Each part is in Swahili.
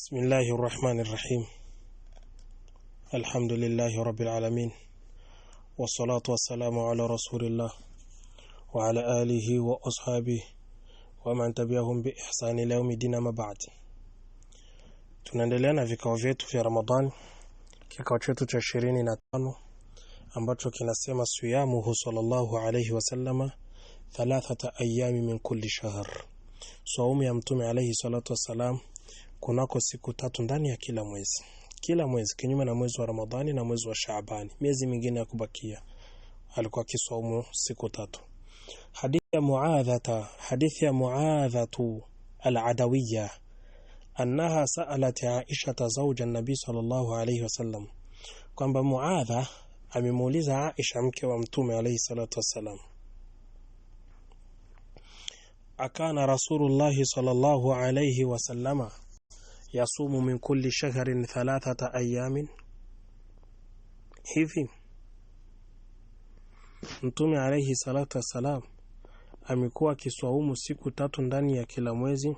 بسم الله الرحمن الرحيم الحمد لله رب العالمين والصلاة والسلام على رسول الله وعلى آله وأصحابه ومن تبعهم بإحسان إلى يوم الدين ما بعد tunaendelea na vikao vyetu vya Ramadhani kikao chetu cha 25 ambacho kinasema siyamuhu sallallahu alayhi wasallama thalathata ayami min kulli shahr saumu ya mtume alayhi salatu wasalam kunako siku tatu ndani ya kila mwezi kila mwezi kinyume na mwezi wa Ramadhani na mwezi wa Shaabani, miezi mingine ya kubakia alikuwa kisaumu siku tatu. Hadithi ya Muadhata, hadithi ya Muadhatu aladawiya annaha saalat Aisha zawja an-nabi sallallahu alayhi wasallam, kwamba Muadha amemuuliza Aisha mke wa mtume alayhi salatu wasallam, akana rasulullahi sallallahu alayhi wasallama yasumu min kulli shahrin thalathata ayamin hivi Mtume alaihi salatu wassalam amekuwa akiswaumu siku tatu ndani ya kila mwezi.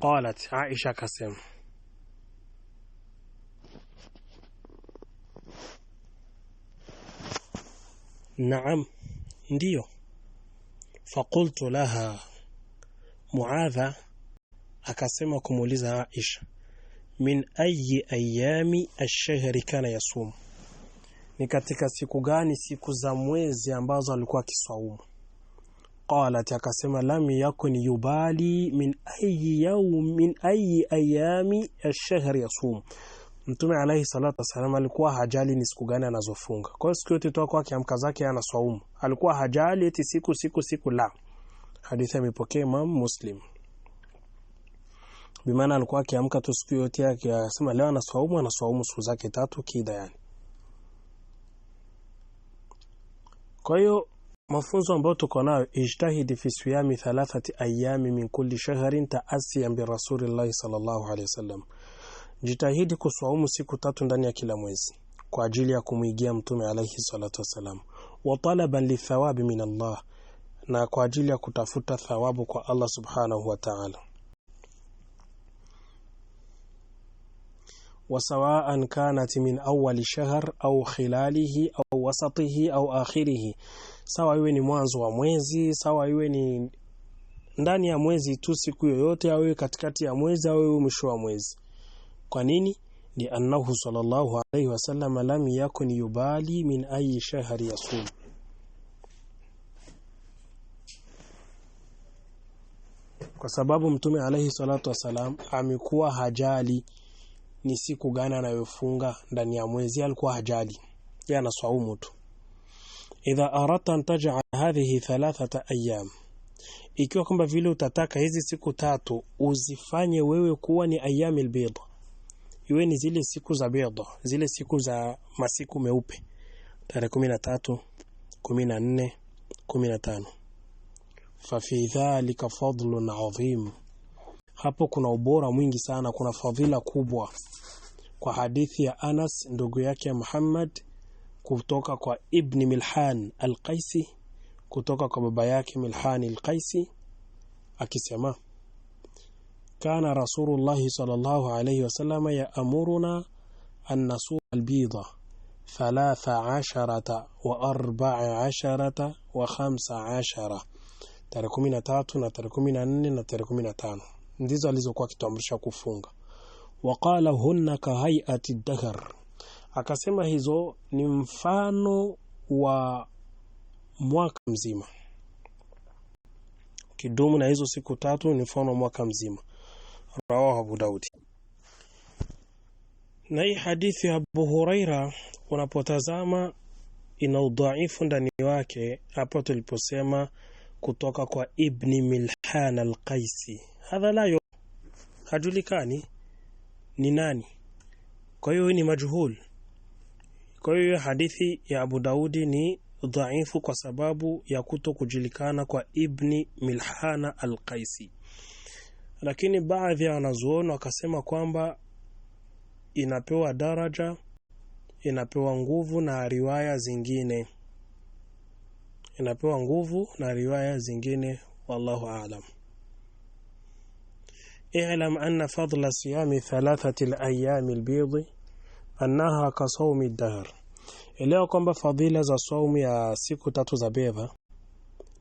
Qalat Aisha kasema Naam ndiyo faqultu laha Muadha akasema kumuuliza Aisha min ayi ayami ash kana yasum ni katika siku gani siku za mwezi ambazo alikuwa akiswaumu qalat akasema lam yakun yubali min ayi yawm min ayi ayami ash yasumu yasum Mtume alaihi salatu wasalam alikuwa hajali ni siku gani anazofunga. Kwa hiyo siku yote toa kwake amka zake anaswaumu, alikuwa hajali eti siku siku siku, la hadithi imepokea Imam Muslim. Bimaana alikuwa akiamka tu siku yote yake akasema leo anaswaumu, anaswaumu siku zake tatu kida yani. Kwa hiyo mafunzo ambayo tuko nayo, ijtahidi fi siyami thalathati ayami min kulli shahrin taasiyan bi rasulillahi sallallahu alayhi wasallam Jitahidi kuswaumu siku tatu ndani ya kila mwezi kwa ajili ya kumwigia Mtume alaihi salatu wasalam wa talaban lithawabi min Allah, na kwa ajili ya kutafuta thawabu kwa Allah subhanahu wa ta'ala. wasawaan kanat min awali shahr au khilalihi au wasatihi au akhirihi, sawa iwe ni mwanzo wa mwezi, sawa iwe ni ndani ya mwezi tu siku yoyote, au katikati ya mwezi au mwisho wa mwezi kwa nini? annahu sallallahu alayhi wasallam lam yakun yubali min ayi shahri yasum. Kwa sababu Mtume alayhi salatu wasalam amekuwa hajali ni siku gani anayofunga ndani ya mwezi, alikuwa hajali, yeye anaswaumu tu. Idha aradta an taj'al hadhihi thalathata ayyam ikiwa kwamba vile utataka hizi siku tatu uzifanye wewe kuwa ni ayami albidha iwe ni zile siku za bidha, zile siku za masiku meupe, tarehe kumi na tatu, kumi na nne, kumi na tano. Fa fi dhalika fadlun adhim, hapo kuna ubora mwingi sana, kuna fadhila kubwa kwa hadithi ya Anas ndugu yake Muhammad kutoka kwa Ibn Milhan al-Qaisi kutoka kwa baba yake Milhan al-Qaisi akisema kana rasulullahi sallallahu alayhi wasallam yaamuruna an nasura albidha thalatha asharata wa arbaa asharata wa khamsa ashara tarehe kumi na tatu na tarehe kumi na nne na tarehe kumi na tano ndizo alizokuwa akituamrisha kufunga waqala hunna ka hayati dahr akasema hizo ni mfano wa mwaka mzima kidumu na hizo siku tatu ni mfano wa mwaka mzima rawahu Abu Daudi. Na hii hadithi ya Abu Huraira unapotazama ina udhaifu ndani wake, hapo tuliposema kutoka kwa Ibni Milhan alqaisi hadha layo hajulikani ni nani, kwa hiyo ni majhul. Kwa hiyo hadithi ya Abu Daudi ni dhaifu kwa sababu ya kuto kujulikana kwa Ibni Milhana alqaisi lakini baadhi ya wanazuoni wakasema kwamba inapewa daraja, inapewa nguvu na riwaya zingine, inapewa nguvu na riwaya zingine. Wallahu aalam. I'lam anna fadla siyami thalathati al-ayami al-bidhi annaha ka sawmi ad-dahr, elewa kwamba fadhila za saumu ya siku tatu za beva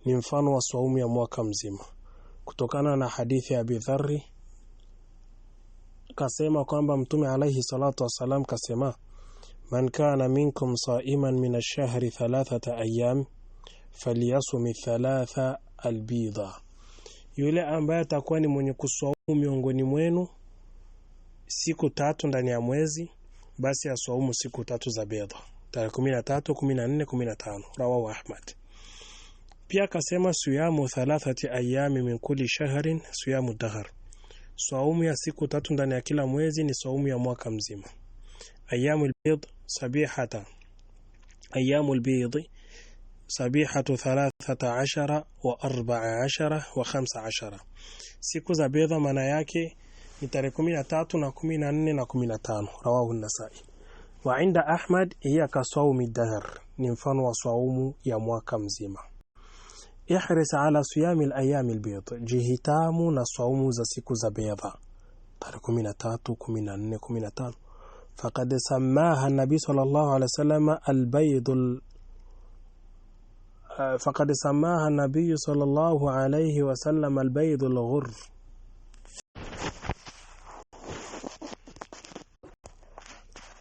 ni mfano wa saumu ya mwaka mzima kutokana na hadithi ya Abi Dharri kasema kwamba Mtume alayhi salatu wassalam kasema man kana minkum saiman min ash-shahri thalathata ayyam falyasum thalatha albida yule ambaye atakuwa ni mwenye kuswaumu miongoni mwenu siku tatu ndani ya mwezi, basi aswaumu siku tatu za bidha. Tarehe 13, 14, 15. Rawahu Ahmad pia akasema siyamu thalathati ayami min kulli shahrin siyamu dahar, saumu ya siku tatu ndani ya kila mwezi ni saumu ya mwaka mzima. Ayamu albid sabihata, ayamu albid sabihatu thalathata ashara wa arbaa ashara wa khamsa ashara, siku za bidha maana yake ni tarehe 13 na 14 na 15. Rawahu Nasai. Wa inda Ahmad hiya kasawmi dahr, ni mfano wa saumu ya mwaka mzima ihris ala siyami layami lbid, jihitamu na saumu za siku za bedha. Tarehe 13, 14, 15. Faqad samaha nabi sallallahu alaihi wasallam albaydul eh, faqad samaha nabi sallallahu alaihi wasallam albaydul ghurr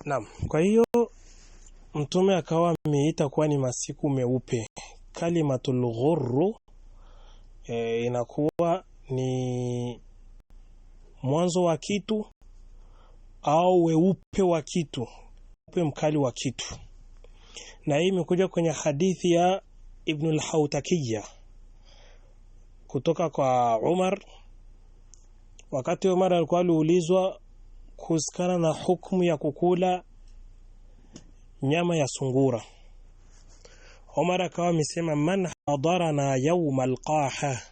Naam, kwa hiyo mtume akawa ameita kuwa ni masiku meupe kalimatul ghurru e, inakuwa ni mwanzo wa kitu au weupe wa kitu, upe mkali wa kitu. Na hii imekuja kwenye hadithi ya Ibnul Hautakiya kutoka kwa Umar, wakati Umar alikuwa aliulizwa kuhusikana na hukumu ya kukula nyama ya sungura. Omar akawa amesema man hadarana yauma alqaha,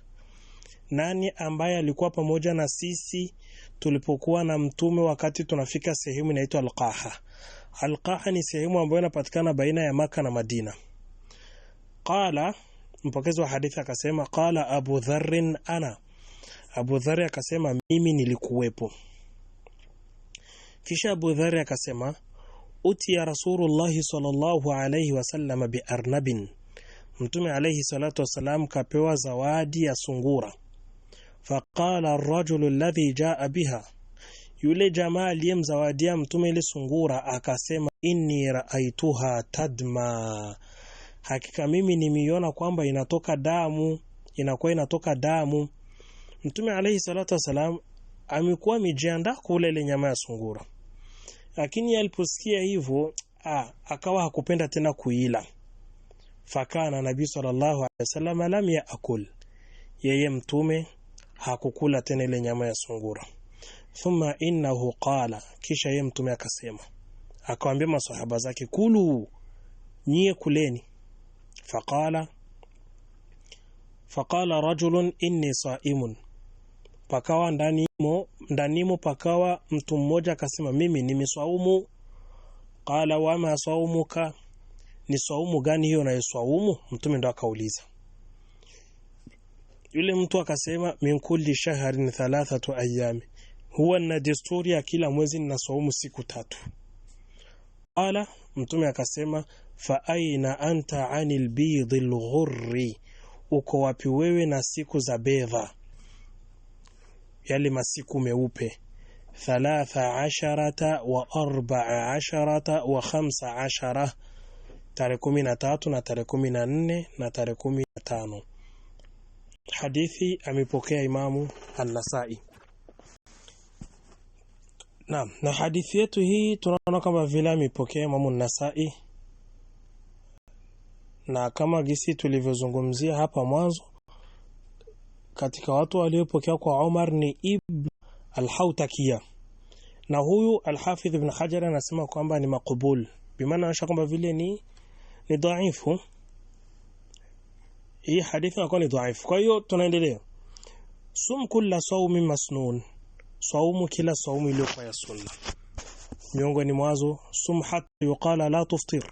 nani ambaye alikuwa pamoja na sisi tulipokuwa na mtume wakati tunafika sehemu inaitwa Alqaha. Alqaha ni sehemu ambayo inapatikana baina ya Maka na Madina. Qala, mpokezi wa hadithi akasema, qala Abu Dharrin ana Abu Dharr akasema mimi nilikuwepo. Kisha Abu Dharr akasema utiya rasulullahi sallallahu alaihi wasallama biarnabin, mtume alaihi salatu wassalam kapewa zawadi ya sungura. Faqala arrajulu alladhi jaa biha, yule jamaa aliyemzawadia mtume ile sungura akasema, inni raaituha tadma, hakika mimi nimeiona kwamba inatoka damu, inakuwa inatoka damu. Mtume alaihi salatu wassalam amekuwa amejiandaa kula ile nyama ya sungura lakini aliposikia hivyo akawa hakupenda tena kuila. Fakana Nabii sallallahu alaihi wasallam lam yaakul, yeye mtume hakukula tena ile nyama ya sungura. Thumma innahu qala, kisha yeye mtume akasema, akawaambia masahaba zake, kulu, nyie kuleni. Faqala faqala rajulun inni saimun pakawa ndanimo, ndanimo pakawa mtu mmoja akasema, mimi nimeswaumu. Qala wama saumuka, ni swaumu gani hiyo unayoswaumu? Mtume ndo akauliza. Yule mtu akasema, min kulli shahrin thalathatu ayami, huwa na desturi ya kila mwezi ninaswaumu siku tatu. Qala, mtume akasema, fa aina anta anil bidhi ghurri, uko wapi wewe na siku za bedha yale masiku meupe 13 wa 14 wa 15 tarehe 13 na tarehe 14 na tarehe 15. hadithi amepokea Imamu An-Nasai. Naam, na hadithi yetu hii tunaona kama vile amepokea Imamu An-Nasai, na kama gisi tulivyozungumzia hapa mwanzo katika watu waliopokea kwa Omar ni Ibn al-Hautakia, na huyu al-Hafidh Ibn Hajar anasema kwamba ni makubul, bimaana aisha kwamba vile ni ni dhaifu. Hii hadithi inakuwa ni dhaifu. Kwa hiyo tunaendelea, sum kulla saumi masnun, saumu kila saumu iliyokuwa ya sunna miongoni mwazo sum hata yuqala la tuftir,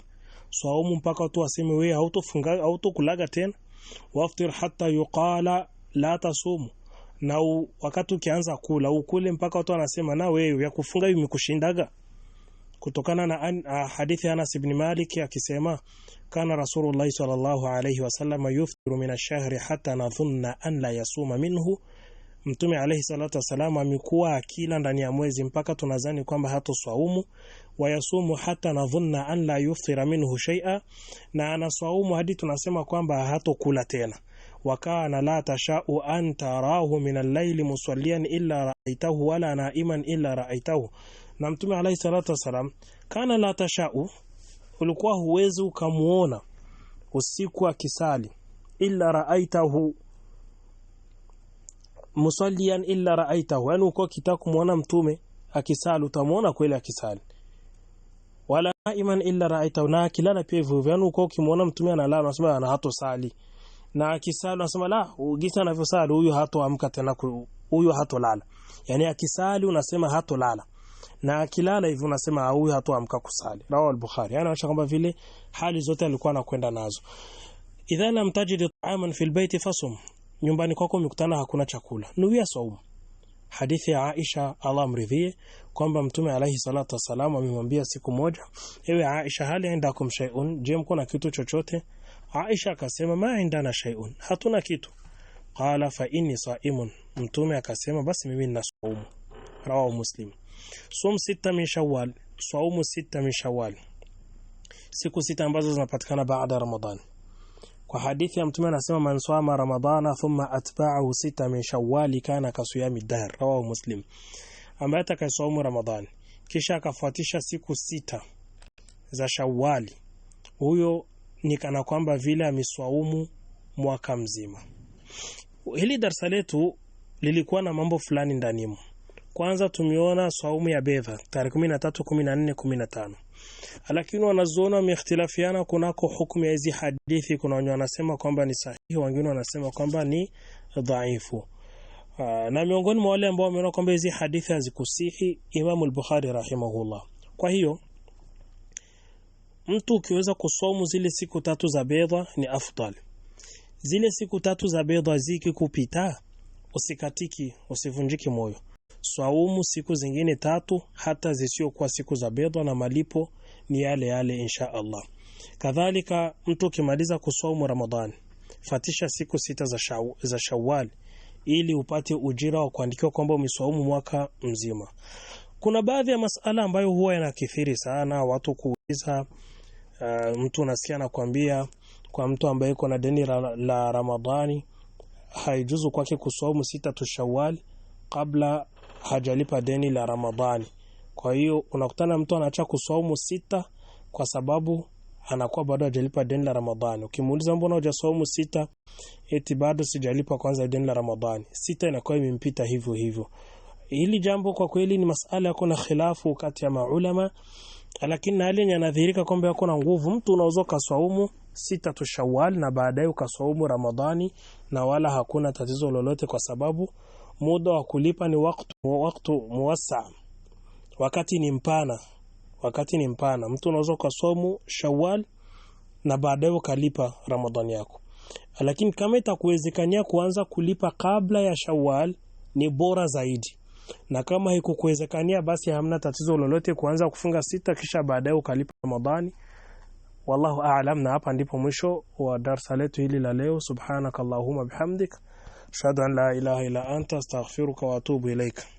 saumu mpaka watu waseme wewe hautokulaga tena. Waftir hata yuqala la hata somo na u, wakati ukianza kula ukule mpaka watu wanasema na wewe ya kufunga imekushindaga kutokana na an, a, ah, hadithi ya Anas ibn Malik akisema kana Rasulullah sallallahu alayhi wasallam yuftiru min ash-shahri hatta nadhunna an la yasuma minhu, Mtume alayhi salatu wasallam amekuwa akila ndani ya mwezi mpaka tunazani kwamba hatoswaumu, yasumu hatta nadhunna an la yuftira minhu shay'a, na anaswaumu hadi tunasema kwamba hatokula tena wa kana la tashau an tarahu min al-layli musallian illa ra'aitahu wala na'iman illa ra'aitahu. Na Mtume alayhi salatu wasalam, kana la tashau, ulikuwa huwezi ukamuona usiku akisali, illa ra'aitahu musallian illa ra'aitahu, yani uko kitaka kumuona Mtume akisali utamuona kweli akisali wala naiman illa ra'aitahu, na akilala pia hivyo hivyo, yani uko ukimuona Mtume analala unasema ana hatosali na akisali unasema la, gisa anavyosali huyu hatoamka tena, huyu hatolala. Yani akisali unasema hatolala na akilala hivi unasema huyu hatoamka kusali. rawi al-Bukhari. Yani anaonyesha kwamba vile hali zote alikuwa anakwenda nazo. Idha lam tajid ta'aman fil bayt fasum, nyumbani kwako umekutana hakuna chakula, nuwia saum Hadithi ya Aisha Allah amridhie, kwamba Mtume alayhi salatu wasalam amemwambia siku moja, ewe Aisha, hali indakum shay'un, je mko na kitu chochote? Aisha akasema ma indana shay'un, hatuna kitu. Qala fa inni saimun, mtume akasema basi mimi nina saumu. Rawahu Muslim. Sum sita min Shawwal, saumu sita min Shawwal, siku sita ambazo zinapatikana baada ya Ramadhani. Kwa hadithi ya mtume anasema man sawama ramadhana thumma atba'ahu sita min Shawwal kana kasuyami dahr. Rawahu Muslim. Ambaye atakayesaumu Ramadhani kisha akafuatisha siku sita za Shawwali, huyo ni kana kwamba vile ameswaumu mwaka mzima. Hili darsa letu lilikuwa na mambo fulani ndanimo. Kwanza tumeona swaumu ya bedha tarehe 13, 14, 15 lakini wanazuoni wameikhtilafiana kunako hukumu ya hizi hadithi. Kuna wenye wanasema kwamba ni sahihi, wengine wanasema kwamba ni dhaifu. Uh, Na miongoni mwa wale ambao wameona kwamba hizi hadithi hazikusihi Imam al-Bukhari rahimahullah. Kwa hiyo mtu ukiweza kusomu zile siku tatu za bidha ni afdal. Zile siku tatu za ziki kupita, usikatiki, usivunjiki moyo. Swaumu siku zingine tatu hata zisiokuwa siku za bidha, na malipo ni yale yale insha Allah. Kadhalika, mtu ukimaliza kusomu Ramadhani, fatisha siku sita za, shaw, za Shawwal ili upate ujira wa kuandikiwa kwamba umeswaumu mwaka mzima. Kuna baadhi ya masala ambayo huwa yanakithiri sana watu kuuliza uh, mtu unasikia anakwambia kwa mtu ambaye yuko na deni la, la Ramadhani haijuzu kwake kusaumu sita tu Shawwal kabla hajalipa deni la Ramadhani. Kwa hiyo unakutana mtu anaacha kusaumu sita kwa sababu anakuwa bado hajalipa deni la Ramadhani. Ukimuuliza mbona hujasaumu sita, eti bado sijalipa kwanza deni la Ramadhani, sita inakuwa imempita hivyo hivyo. Hili jambo kwa kweli ni masala yako na khilafu kati ya maulama lakini hali yenye anadhihirika kwamba yako na nguvu, mtu unaweza ukaswaumu sita tu Shawwal na baadaye ukaswaumu Ramadhani, na wala hakuna tatizo lolote, kwa sababu muda wa kulipa ni wakati wakati muwasa, wakati ni mpana, wakati ni mpana. Mtu unaweza ukaswaumu Shawwal na baadaye ukalipa Ramadhani yako, lakini kama itakuwezekania kuanza kulipa kabla ya Shawwal ni bora zaidi na kama haikukuwezekania basi hamna tatizo lolote kuanza kufunga sita kisha baadaye ukalipa Ramadhani. Wallahu aalam. Na hapa ndipo mwisho wa darsa letu hili la leo. Subhanakallahumma bihamdik, ashhadu an la ilaha illa anta, astaghfiruka wa atubu ilaika.